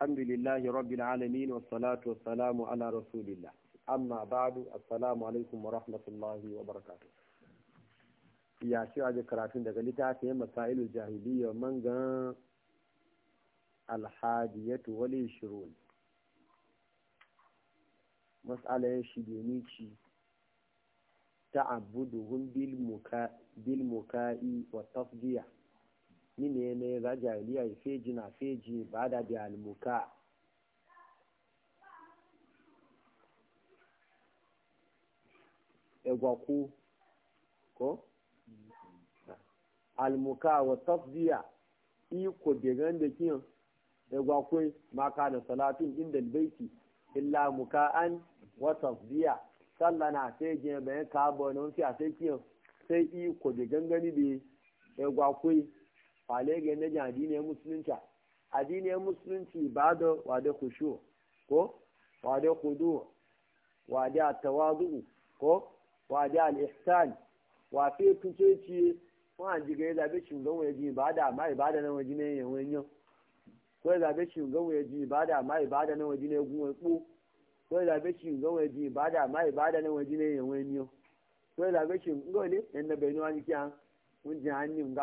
alhamdulillahi rabbil alamin wassalatu wassalamu ala rasulillah amma ba'du assalamu alaikum wa rahmatullahi wa barakatuh ya ci aje karatun daga littafin masailul jahiliyya man ga alhadiyatu wal shirun. mas'ala shi ne ci ta'abbuduhum bil muka bil muka'i wa tafdiyah mine ne za jahiliya ya feji na feji ba da bi almuka egwaku ko almuka wa tafziya iko began da kiyan egwakwai maka na salatin inda baiti illa muka'an wa tafziya sallana sai je bayan ka bonon fi a sai kiyan sai iko da gangani da egwakwai kwale ga yadda adiniyar musulunci adiniyar musulunci ba da wade kushu ko wade kudu wade atawazu ko wade al wa fi tuceci wọn àjìgẹ ìlàbẹ ṣùgbọn wọn èjì ìbáàdà àmà ìbáàdà náà wọn jí ní ẹyìn wọn yán wọn ìlàbẹ ṣùgbọn wọn èjì ìbáàdà àmà ìbáàdà náà wọn jí ní ya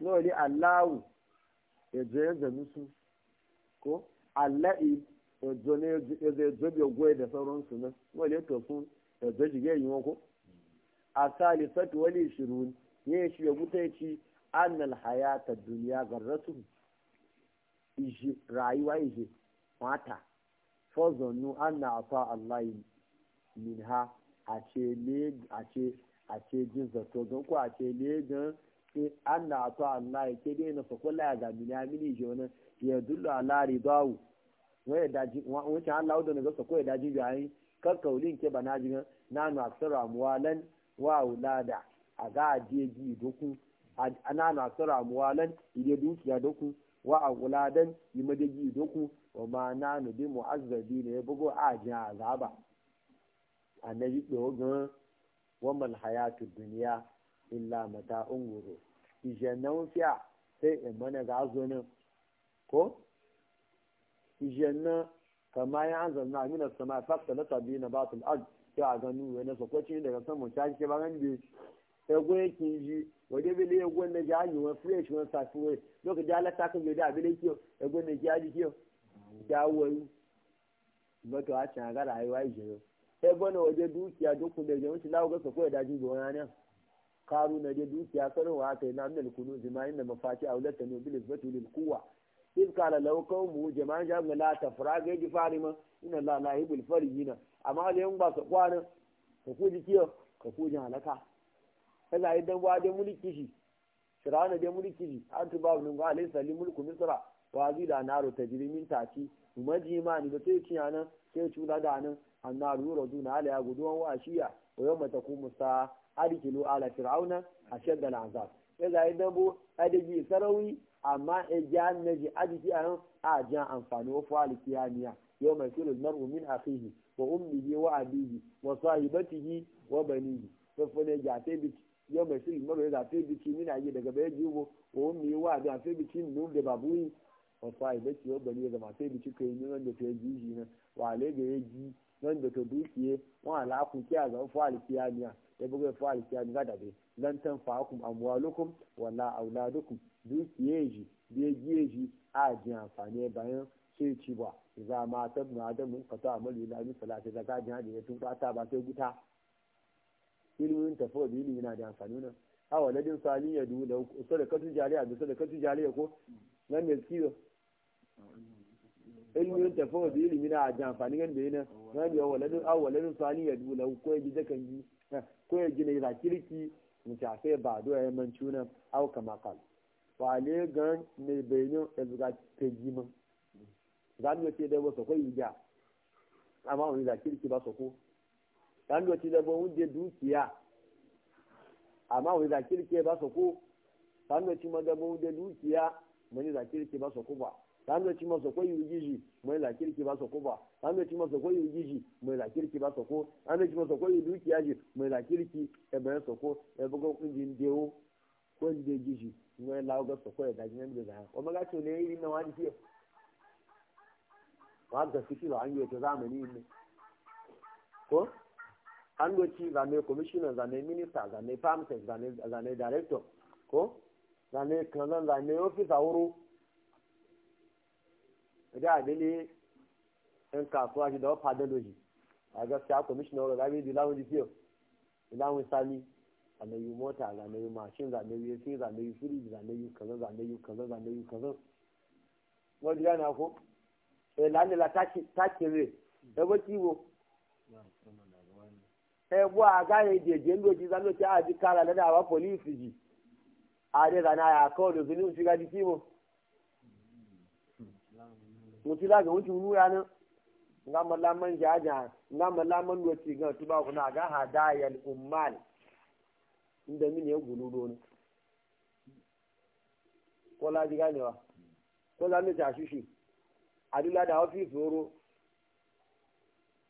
nawa ne allahu ya zo ya ko ala'i ya zo ne ya zo ya goyi da sauransu nan nawa ne ya zo jige yi wako a salisatu wani shirun ya shi ya ya ci annal hayata duniya garratu iji rayuwa iji mata fozonu ana afa allahi min ha a ce a ce a ce jin zato don ne gan an na to Allah ya ke dai na fa kullu ya zabi ya mini jona ya dullu ala ridawu waya daji wace Allah da na ga ko ya daji yayi kar kaulin ke bana jin nanu aksara amwalan wa aulada a ga ajeji doku ananu aksara amwalan ide dukiya doku wa auladan yimadeji doku wa ma nanu bi mu'azzabi ne bugo a jin azaba annabi do gan wa mal hayatud dunya illa mata unguru ijenan fiya sai in mana ga zonin ko ijenan kama ya an zanna amina sama fakta na tabi na batul ard sai a ganu wani sokoci daga saman ta ke ba ran ego yake ji waje bile ego na jaji wani fresh wani safi wai lokaci halatta kan yau da abin kiyo ego na jaji kiyo dawoyi mato a can ga rayuwa ijiyar ego na waje dukiya dukkan da jami'in lawo ga sako ya daji gona nan karu na dai dukiya aka yi na annal kunu jima'in da mafaci a wulatta ne bilis batu lil kuwa in kala lauka mu jama'in jami'in da lata fara ga yaji fari ma ina la la hibul fari amma da yan ba su kwanan ka ji kiyo ka ji halaka kaza idan ba dai mulki shi shirana da mulki shi an tuba ibn ga alayhi salim mulku misra wa azila naru tajrimin tati majima ni ba sai ciyanan sai cuda da nan annaru raduna ala ya guduwan wa ashiya wa yawma taqumu sa arkilu ala fir'auna ashadda al'azab sai zai dabo adagi sarawi amma e jan naji adiki an a jan amfani wa fa'al kiyamiya yau mai kullu mar'u min akhihi wa ummihi wa abihi wa sahibatihi wa banihi ja bi yau mai mar'u da te bi daga bai jibo wa ummihi wa abihi bi da babuyi wa sahibatihi wa banihi da ma bi wa ga dukiye wa kiya ga kiyamiya ya buga fa alkiyami ga dabe lan tanfa'akum amwalukum wala auladukum dukiyeji biyeji a ji amfani bayan sai ci ba za ma ta na da mun fata amal ila ni salati zaka ji hadi tun fata ba sai guta ilimin tafawa da ilimi yana da amfani nan a waladin sali ya du da sadakatu jariya da sadakatu jariya ko nan ne kiyo ilimin tafawa da ilimi na da amfani gan da yana nan ya waladin a waladin sali ya du da ko ya ji dakan ko ya gina ila kirki mutafe ba do ya manci cuna au kama kal wa le gan ne bayinu ezuga tejima zan yo ce da wasu ko ija amma wani za kirki ba soko zan yo ce da bon wuje dukiya amma wani za kirki ba soko zan yo ce ma da bon wuje dukiya mani da kirki ba soko ba sanga ci masa ko yi mai la kirki ba sa ko ba sanga ci masa ko yi gishi mai la kirki ba sa ko sanga ci masa yi dukiya ji mai la kirki e ba sa ko e bugo kunjin dewo ko de mai la ga sa ko da jin da o maga to ne yi na wani fiye ba da fiti la an yi to zamani ne ko an doci zane commissioner zane minister zane farm zane zane director ko zane kanan zane officer wuro a adele yan kasuwa shi da wa fadaloji a gaskiya kwamishinan wani rabe da ilawun jikiyo ilawun sami zanayi mota zanayi mashin zanayi yasi zanayi firiji zanayi kaza zanayi kaza zanayi kaza wani yana ko eh lalila take re ebe kiwo ebo agaghị jeje ndị oji zanochi adị kara na dawa polisi ji adị zana ya akọọdụ zini nchiga dị mutu za ga wuce ruwa nan nga malaman jaja nga malaman wati ga tuba kuna ga hadayal ummal inda mini ya guludo doni ko la ji ganewa ko za mu ta shishi adula da wafi zoro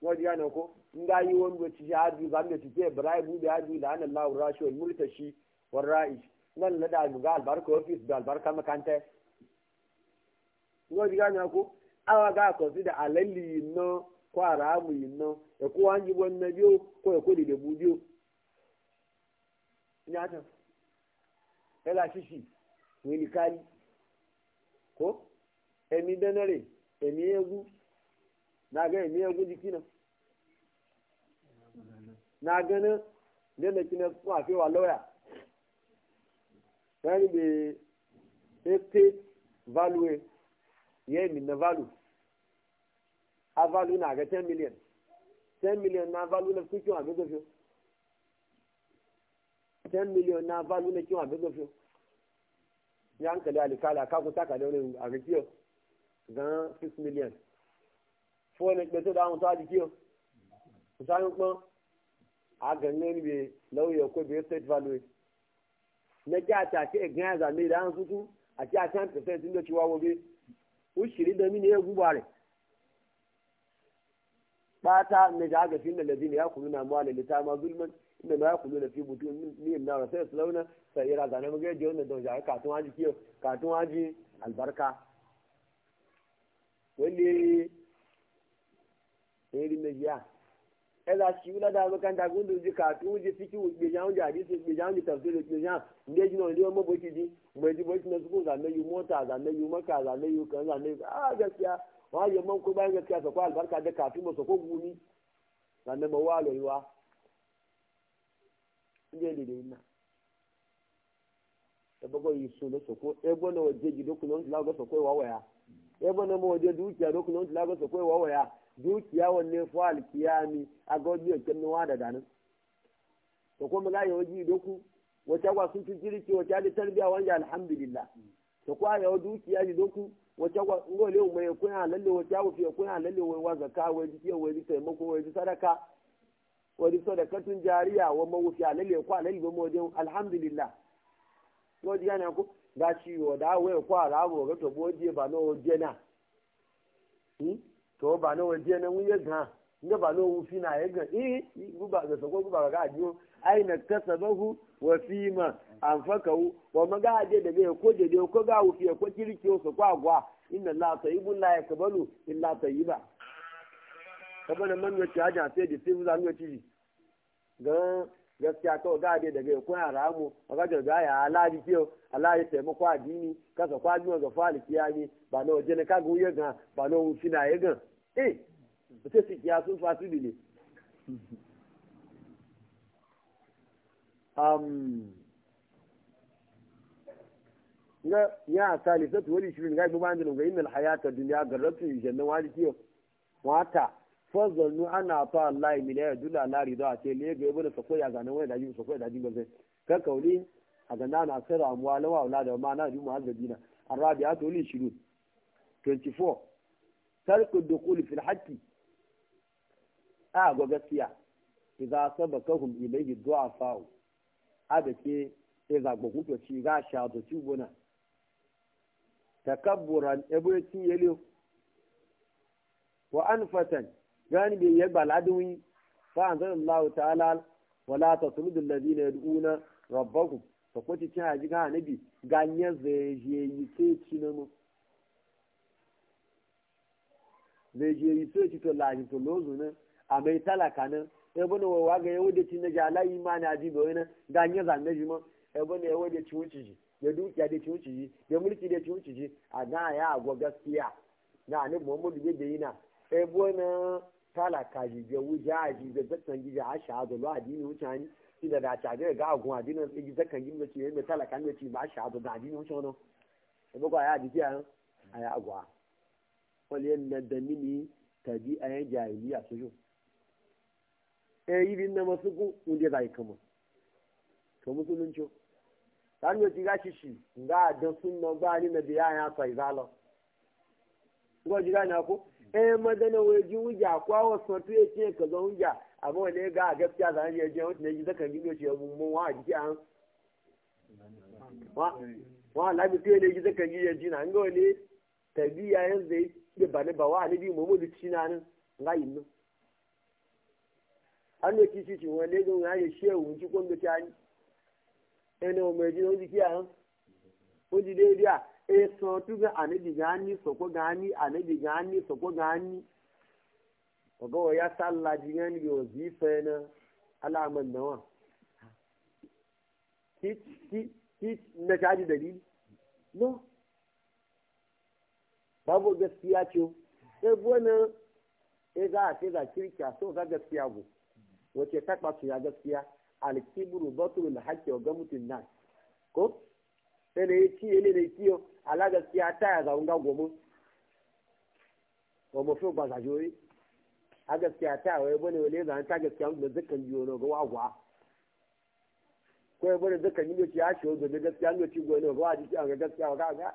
wadi gane ko nga yi wani wati ya adu za mu tafi ibrahim bi adu da anan lahu rashul murtashi war ra'ish nan la da mu ga albarka wafi da albarka makanta wadi gane ko awa ga da alalli no ko aramu yinno e ko wanji wonna biyo ko e kodi de budiyo nyata ela shishi wili kali ko emi denere emi egu na ga emi egu dikina na gana dena kina ko afi wa lọya yani be ete value ye min na value a value na ga 10 million 10 million na value na kuki wa gogo fio 10 million na value na kiwa gogo fio ya hankali alikala ka ku taka da wani a ga kiyo 6 million fo ne gbe to da won to a di kiyo kusayin kpɔn agɛnɛ ni bɛ lɔwɔ yɛ ko bɛ state value ne kí ati ati egin za mi da an sutu ati a an ndo tsi wa wo bi ushiri da mini ya gubare bata na ga ga fil ladina yakuluna mawala litama zulman inda ma yakuluna fi butun min nar sai launa sai ira ga na maga je wannan da ka tun haji kiyo ka tun haji albarka wani irin na jiya e ṣì wúlọ́ dáa lọ́kàn dàgbò ń dojú ká tó ń jẹ fíkì gbèjà ń jẹ àdísè gbèjà ń jẹ tẹ̀sílẹ̀ gbèjà ǹdẹ́jì náà ní ọmọ bó ti di gbèjì bó ti nọ́sùkú zàmẹ́yù mọ́tà zàmẹ́yù mọ́kà zàmẹ́yù kan zàmẹ́yù áá gẹ̀sìá wọ́n á yẹ mọ́ kó báyìí gẹ̀sìá sọ̀kọ́ àlùbáríkà dẹ́ ká fímọ̀ sọ̀kọ́ wù mí zàmẹ́mọ̀ wá. ǹjẹ́ yìí sùn lọ sọ̀kọ́ ẹgbẹ́ dukiya wanne fa alkiyami a ga wajen yankin nuwa da ganin to kuma za ya waje doku wata kwa sun fi kirki wata da tarbiya wanda alhamdulillah to kwa ya dukiya ji doku wata kwa ngole mai kuna lalle wata wa fiye kuna lalle wai wa zakka wai ji kiyo wai ji taimako wai sadaka wai ji sadakatun jariya wa mawufi lalle kwa lalle ba wajen alhamdulillah to ji yana ku gashi wa da wai kwa rago ga to boje ba no jena hmm? to ba na waje na mun ya ga nga ba lo fi na ya eh, eh, ga eh guba ga sako guba ga ajiyo aina kasabahu wa fima anfakahu wa magaje da bai ko da ko ga wufi ko kirki ko kwa gwa inna la tayyibun la yakbalu illa tayyiba kabana man ya caja sai da sai zan yi gan gaskiya kawai ga dai daga kun haramu a ga ga ya alaji kiyo alaji taimako addini kasa kwaji ga faliki yayi ba na waje ne kaga wuya ga ba na wufi na ya ga eh ba ta su kiyasun fasili Nga ya salisatu wani shirin gaibu ba da nunga inal hayata duniya garratu jannan wani kiyo wata fazannu ana fa Allah min ya dula la rida ce le ga ibn sakoy ya zanan wani daji sakoy daji bazai kan kauli a ganna na sirra amwala wa aulada ma na ju mu'azzabina arabiya to li shirin 24 tarku dukul fil haqqi a ga gaskiya idza sabakahum ilayhi du'afa abake idza gogudo ci ga sha to ci bona takabburan ebuyati yelo wa anfatan gani bi yagbal adwi fa anzalallahu ta'ala wala tasrudu alladhina yad'una rabbakum to ko ci ci haji ga nabi ganye zai je ci nanu zai je yi ci to laji to lozu nan a mai talaka nan ya bane wa waga ya wuce ci na ji alayi ma na ji bai nan zanne ji ma ya bane ya wuce ci wuce ji ya dukiya da ci wuce ji ya mulki da ci wuce ji a na ya agwa gaskiya na annabi muhammadu da yana ya bane talaka ji ga wuce a ji ga zattan ji a shahadu lo addini wuce hani shi da dace a ga agun addinin tsigi zakan yi mace ya mai talaka ne ci ba da wuce ya a ya agwa. wani yadda da mini tabi a yan jahiliya su yi eh yi bin na masu ku inda zai kama to musulunci ta ne ci gashi shi ga da sunna ba ni na biya ya sai zalo ko ji gani ko eh madana waje wuja kwa wasu to yace ka zo wuja amma wani a gaskiya zan je je wata ne ji zaka gido ce mun wa ji an wa wa labi to ne ji zaka gido ji na ga wani tabiya yanzu da ba ne ba wa ne bi mu da cina nan nga yin nan an ne kici ci wani legon ya yi shi ewu ci kwan gaci ani ene o meji na oji kiya han oji daidai a e san tu ga ane di ga ni soko ga ni ane di ga ni soko ga ni oga o ya salla di ga ni o zi fe na ala man na wa ki ki ki na ka ji dalili no babu gaskiya ce sai buwana ya za a ce za kirkiya so za gaskiya bu wace takwa su ya gaskiya alkiburu batulu na hakki wa gamutin nan ko sai da ya ci ne da kiyo ala gaskiya ta ya zaun ga gomu wa mafi ba za jori a gaskiya ta ya wai bane wale zan ta gaskiya da dukkan jiyo na ga wagwa ko ya bane dukkan jiyo ya shi wa gaskiya ne ci gona ga wa ji ga gaskiya ga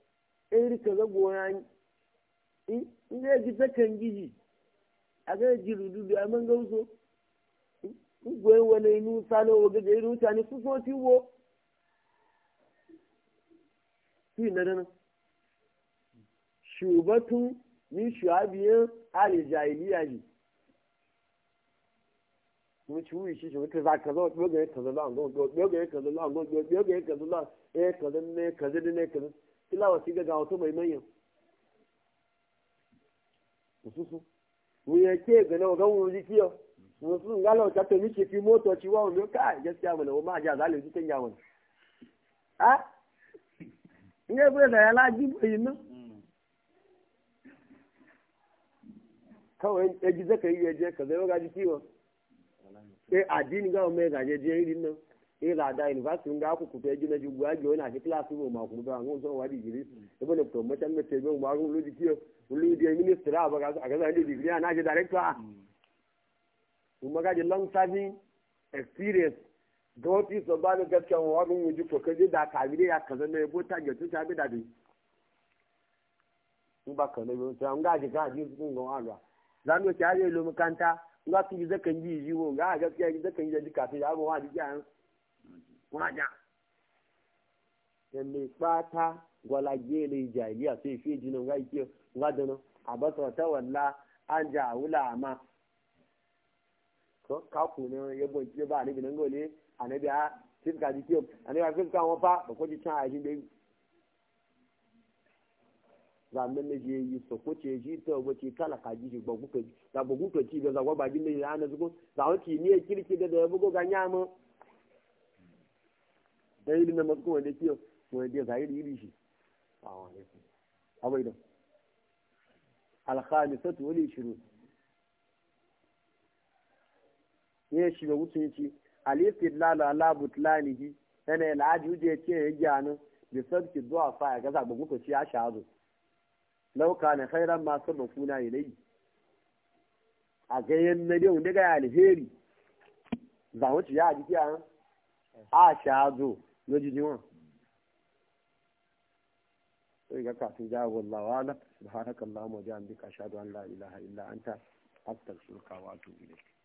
iri kaza goya in ya ji gizi a ji rudu a man gauso in goyi wani inu sano wa gaje irin mutane su so ti wo fi na dana shubatun ni shuabiyan alijahiliya ne mun ci wuyi shi shi mutu za ka zo ɗogaye kaza la'angon ɗogaye kaza la'angon ɗogaye kaza la'angon ɗogaye kaza la'angon ɗogaye kaza la'angon ɗogaye kaza kila wasi ga wato mai manyan mususu wuyan ke gane wa gawo ji kiyo musu ga lawa ta to fi moto ci wawo ne kai gaskiya mu lawa ma ja zalin ji tan yawon a ne bude da yala ji bayin nan kawai ya ji zaka yi ya je ka zai ga ji kiyo eh addini ga mai gaje je irin nan ila da university nga ku ku pe jina jugu age ona ke class wo ma ku ba ngo so wa degree e bo le to tan me tebe ma ngo lu di kiyo lu di minister aba ga aga da di degree na je director kuma ga je long serving experience ti so ba ga gaskiya wa ngun wuji ko kaje da kabire ya kaza ne bo ta ga ta bi da bi in ba ka ne yo ta nga ji ga ji ku ngo aga zan go ta je lo makanta nga ti zakan ji ji wo ga gaskiya zakan ji da dika ya ba wa di ya waja yanne fata gwalaje ne jahiliya sai fi jinin ga ike wadana a basa ta walla an ja wula ma kaku ne ya bonke ba anabi nan gole anabi a fiska jike anabi a fiska wa fa ba kwaji can a jin bai zanen na je yi so ko ce ta wace talaka ji ba guka ji ba guka ci ba zagwa ba jin da ya ana zuko zawon ci ne kirki da ya bugo sai ilimin masu kuma da kiyo kuma da zahiri shi abai da alhamisatu wani shiru ya shiga wucin ci alifin lalo alabut lanihi yana yi la'aji wuje ya ce ya gyanu da sarki zuwa fa ya gaza ba muka ya shazo lauka na khairan masu mafuna ilayi a gayen na yau daga alheri za wuce ya jiki a eh. a shazo lójijì wọn sai ga kafin ja wallawa ala subhanakallahumma wa bihamdika a an la ilaha illa anta astaghfiruka wa atubu ilayk